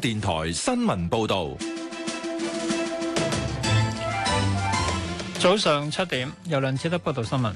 電台新聞報道，早上七點由梁志德報道新聞。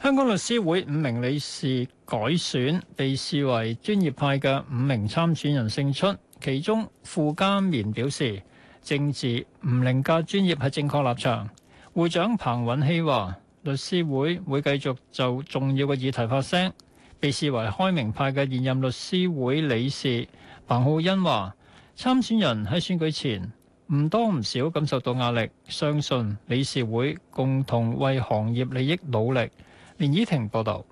香港律師會五名理事改選，被視為專業派嘅五名參選人勝出。其中傅嘉綿表示，政治唔凌駕專業係正確立場。會長彭允希話，律師會會繼續就重要嘅議題發聲。被視為開明派嘅現任律師會理事。彭浩恩話：參選人喺選舉前唔多唔少感受到壓力，相信理事會共同為行業利益努力。連依婷報導。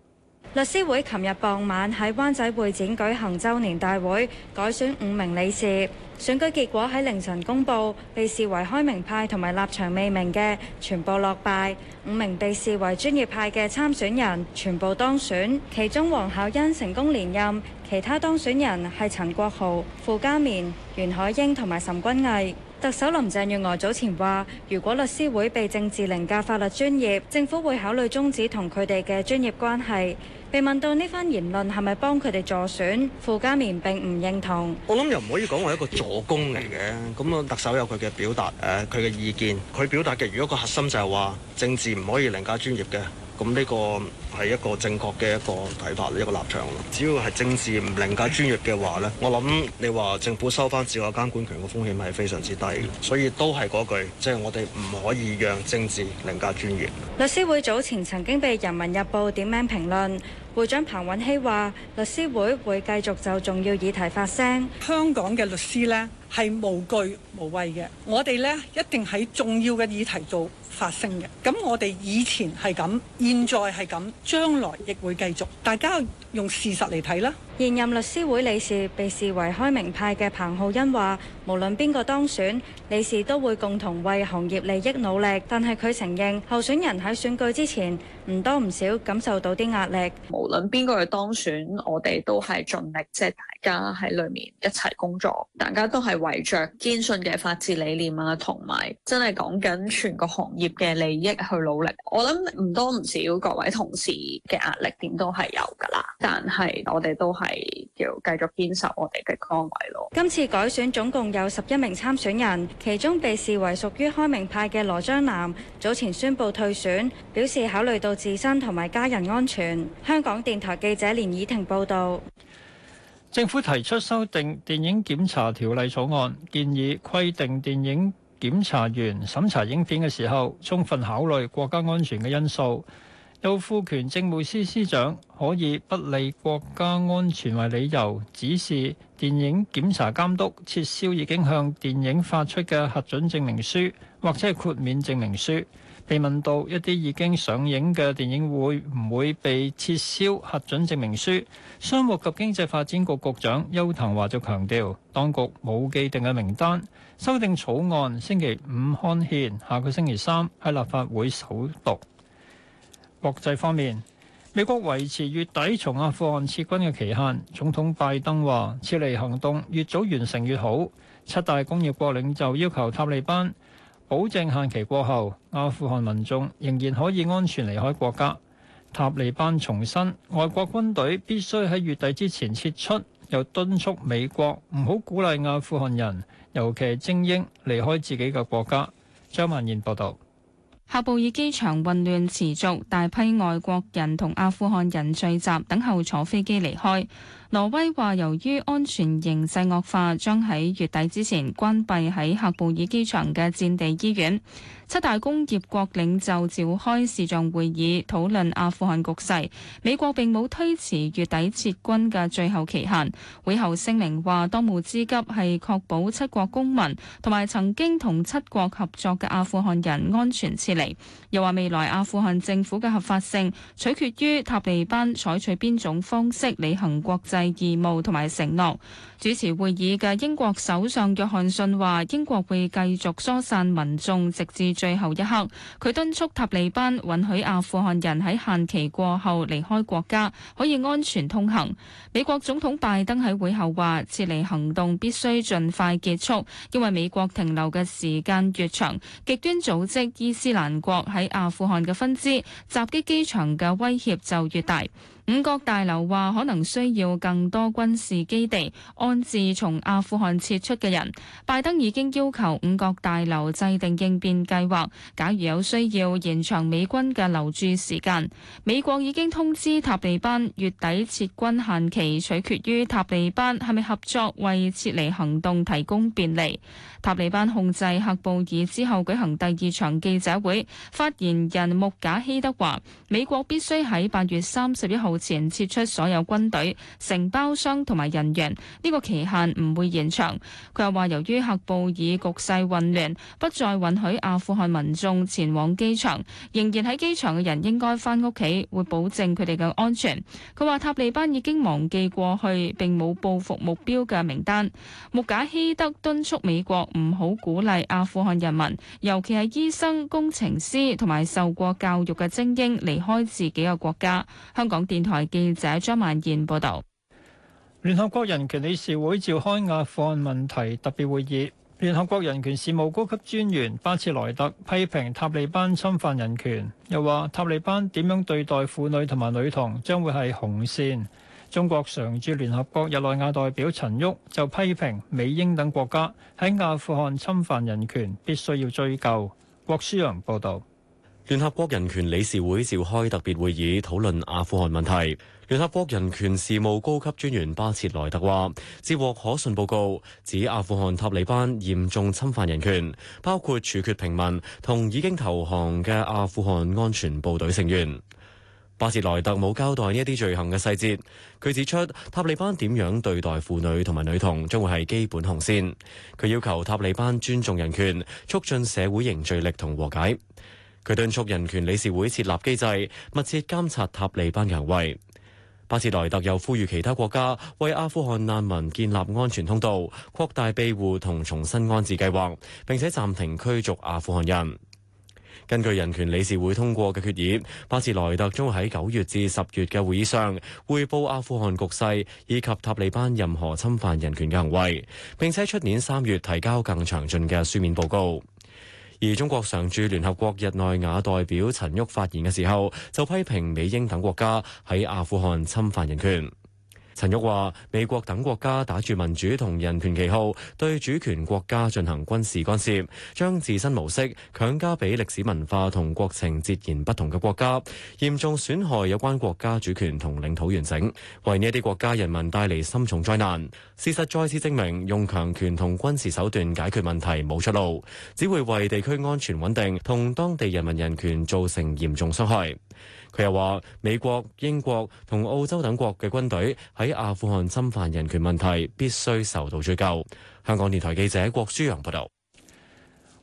律師會琴日傍晚喺灣仔會展舉行周年大會，改選五名理事。選舉結果喺凌晨公布，被視為開明派同埋立場未明嘅，全部落敗；五名被視為專業派嘅參選人，全部當選。其中黃巧恩成功連任，其他當選人係陳國豪、傅家綿、袁海英同埋岑君毅。特首林鄭月娥早前話：如果律師會被政治凌駕法律專業，政府會考慮終止同佢哋嘅專業關係。被問到呢番言論係咪幫佢哋助選，傅家綿並唔認同。我諗又唔可以講為一個助攻嚟嘅，咁啊特首有佢嘅表達，誒佢嘅意見，佢表達嘅如果個核心就係話政治唔可以凌駕專業嘅，咁呢個係一個正確嘅一個睇法，一個立場。只要係政治唔凌駕專業嘅話呢，我諗你話政府收翻自我監管權嘅風險係非常之低。所以都係嗰句，即係我哋唔可以讓政治凌駕專業。律師會早前曾經被《人民日報》點名評論。會長彭允熙話，律師會會繼續就重要議題發聲。香港嘅律師呢，係無懼無畏嘅，我哋呢一定喺重要嘅議題度。發生嘅，咁我哋以前係咁，現在係咁，將來亦會繼續，大家用事實嚟睇啦。現任律師會理事被視為開明派嘅彭浩欣話，無論邊個當選，理事都會共同為行業利益努力。但係佢承認候選人喺選舉之前唔多唔少感受到啲壓力。無論邊個去當選，我哋都係盡力即係。而家喺裏面一齊工作，大家都係為着堅信嘅法治理念啊，同埋真係講緊全個行業嘅利益去努力。我諗唔多唔少各位同事嘅壓力點都係有噶啦，但係我哋都係要繼續堅守我哋嘅崗位咯。今次改選總共有十一名參選人，其中被視為屬於開明派嘅羅章南早前宣布退選，表示考慮到自身同埋家人安全。香港電台記者連以婷報道。政府提出修訂電影檢查條例草案，建議規定電影檢查員審查影片嘅時候，充分考慮國家安全嘅因素。有賦權政務司司長可以不利國家安全為理由，指示電影檢查監督撤銷已經向電影發出嘅核准證明書或者豁免證明書。被問到一啲已經上映嘅電影會唔會被撤銷核准證明書，商務及經濟發展局局長邱騰華就強調，當局冇既定嘅名單，修訂草案星期五刊憲，下個星期三喺立法會首讀。國際方面，美國維持月底從阿富汗撤軍嘅期限。總統拜登話，撤離行動越早完成越好。七大工業國領袖要求塔利班。保證限期過後，阿富汗民眾仍然可以安全離開國家。塔利班重申，外國軍隊必須喺月底之前撤出，又敦促美國唔好鼓勵阿富汗人，尤其係精英離開自己嘅國家。張曼燕報道，喀布爾機場混亂持續，大批外國人同阿富汗人聚集等候坐飛機離開。挪威話，由於安全形勢惡化，將喺月底之前關閉喺喀布爾機場嘅戰地醫院。七大工業國領袖召開視像會議，討論阿富汗局勢。美國並冇推遲月底撤軍嘅最後期限。會後聲明話，當務之急係確保七國公民同埋曾經同七國合作嘅阿富汗人安全撤離。又話未來阿富汗政府嘅合法性取決於塔利班採取邊種方式履行國際義務同埋承諾。主持會議嘅英國首相約翰遜話：英國會繼續疏散民眾直至最後一刻。佢敦促塔利班允許阿富汗人喺限期過後離開國家，可以安全通行。美國總統拜登喺會後話：撤離行動必須盡快結束，因為美國停留嘅時間越長，極端組織伊斯蘭國喺阿富汗嘅分支襲擊機場嘅威脅就越大。五角大樓話可能需要更多軍事基地安置從阿富汗撤出嘅人。拜登已經要求五角大樓制定應變計劃，假如有需要延長美軍嘅留駐時間。美國已經通知塔利班月底撤軍限期取決於塔利班係咪合作為撤離行動提供便利。塔利班控制喀布爾之後舉行第二場記者會，發言人穆賈希德話：美國必須喺八月三十一號前撤出所有軍隊、承包商同埋人員，呢個期限唔會延長。佢又話，由於喀布爾局勢混亂，不再允許阿富汗民眾前往機場。仍然喺機場嘅人應該翻屋企，會保證佢哋嘅安全。佢話塔利班已經忘記過去，並冇報復目標嘅名單。穆賈希德敦促美國唔好鼓勵阿富汗人民，尤其係醫生、工程師同埋受過教育嘅精英離開自己嘅國家。香港電。台記者張曼燕報道，聯合國人權理事會召開阿富汗問題特別會議。聯合國人權事務高級專員巴切萊特批評塔利班侵犯人權，又話塔利班點樣對待婦女同埋女童將會係紅線。中國常駐聯合國日內瓦代表陳旭就批評美英等國家喺阿富汗侵犯人權，必須要追究。郭書陽報道。聯合國人權理事會召開特別會議，討論阿富汗問題。聯合國人權事務高級專員巴切萊特話，接獲可信報告，指阿富汗塔利班嚴重侵犯人權，包括處決平民同已經投降嘅阿富汗安全部隊成員。巴切萊特冇交代呢一啲罪行嘅細節。佢指出，塔利班點樣對待婦女同埋女童，將會係基本紅線。佢要求塔利班尊重人權，促進社會凝聚力同和解。佢敦促人權理事會設立機制，密切監察塔利班嘅行為，巴切萊特又呼籲其他國家為阿富汗難民建立安全通道，擴大庇護同重新安置計劃，並且暫停驅逐阿富汗人。根據人權理事會通過嘅決議，巴切萊特將會喺九月至十月嘅會議上匯報阿富汗局勢，以及塔利班任何侵犯人權嘅行為，並且出年三月提交更詳盡嘅書面報告。而中國常駐聯合國日內瓦代表陳旭發言嘅時候，就批評美英等國家喺阿富汗侵犯人權。陳玉話：美國等國家打住民主同人權旗號，對主權國家進行軍事干涉，將自身模式強加俾歷史文化同國情截然不同嘅國家，嚴重損害有關國家主權同領土完整，為呢一啲國家人民帶嚟深重災難。事實再次證明，用強權同軍事手段解決問題冇出路，只會為地區安全穩定同當地人民人權造成嚴重傷害。佢又話：美國、英國同澳洲等國嘅軍隊喺阿富汗侵犯人權問題，必須受到追究。香港電台記者郭舒揚報道。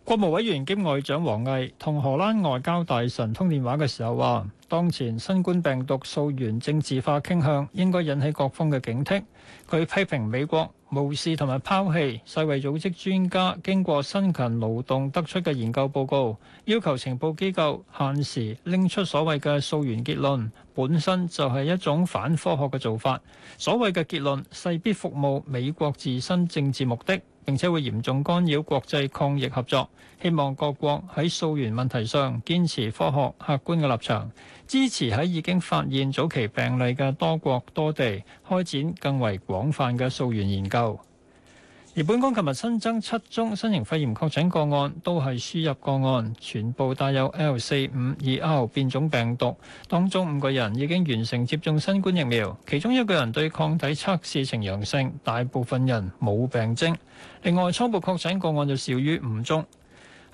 國務委員兼外長王毅同荷蘭外交大臣通電話嘅時候話，當前新冠病毒溯源政治化傾向應該引起各方嘅警惕。佢批評美國無視同埋拋棄世衛組織專家經過辛勤勞動得出嘅研究報告，要求情報機構限時拎出所謂嘅溯源結論，本身就係一種反科學嘅做法。所謂嘅結論勢必服務美國自身政治目的。並且會嚴重干擾國際抗疫合作，希望各國喺溯源問題上堅持科學客觀嘅立場，支持喺已經發現早期病例嘅多國多地開展更為廣泛嘅溯源研究。而本港琴日新增七宗新型肺炎確診個案，都係輸入個案，全部帶有 L452R 變種病毒。當中五個人已經完成接種新冠疫苗，其中一個人對抗體測試呈陽性，大部分人冇病徵，另外初步確診個案就少於五宗。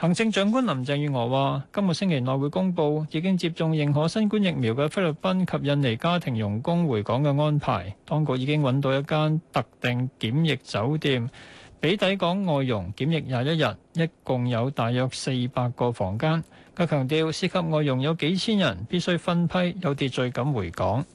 行政長官林鄭月娥話：今個星期內會公布已經接種認可新冠疫苗嘅菲律賓及印尼家庭傭工回港嘅安排。當局已經揾到一間特定檢疫酒店，俾抵港外傭檢疫廿一日，一共有大約四百個房間。佢強調，涉及外傭有幾千人，必須分批有秩序咁回港。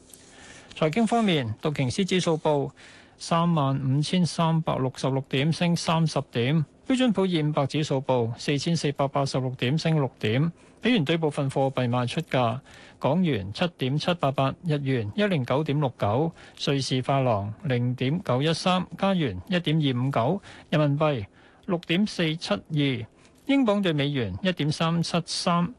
財經方面，道瓊斯指數報三萬五千三百六十六點，升三十點。標準普爾五百指數報四千四百八十六點，升六點。美元對部分貨幣賣出價：港元七點七八八，日元一零九點六九，瑞士法郎零點九一三，加元一點二五九，人民幣六點四七二，英鎊對美元一點三七三，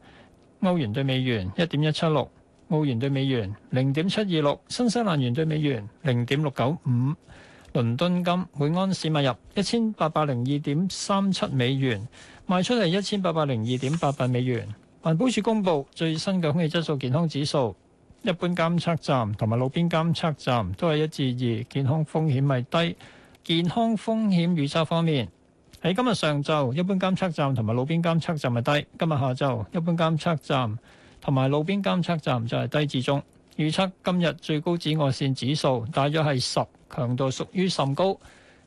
歐元對美元一點一七六，澳元對美元零點七二六，新西蘭元對美元零點六九五。倫敦金每盎司買入一千八百零二點三七美元，賣出係一千八百零二點八八美元。環保署公布最新嘅空氣質素健康指數，一般監測站同埋路邊監測站都係一至二，健康風險係低。健康風險預測方面，喺今日上晝一般監測站同埋路邊監測站係低，今日下晝一般監測站同埋路邊監測站就係低至中。預測今日最高紫外線指數大約係十，強度屬於甚高。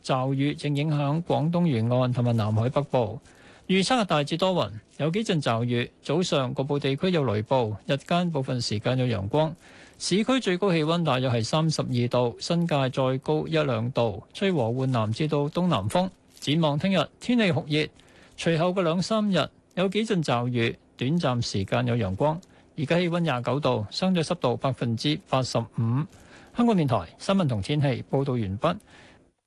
驟雨正影響廣東沿岸同埋南海北部。預測大致多雲，有幾陣驟雨，早上局部地區有雷暴，日間部分時間有陽光。市區最高氣温大約係三十二度，新界再高一兩度。吹和緩南至到東南風。展望聽日天氣酷熱，隨後個兩三日有幾陣驟雨，短暫時間有陽光。而家氣溫廿九度，相對濕度百分之八十五。香港電台新聞同天氣報導完畢。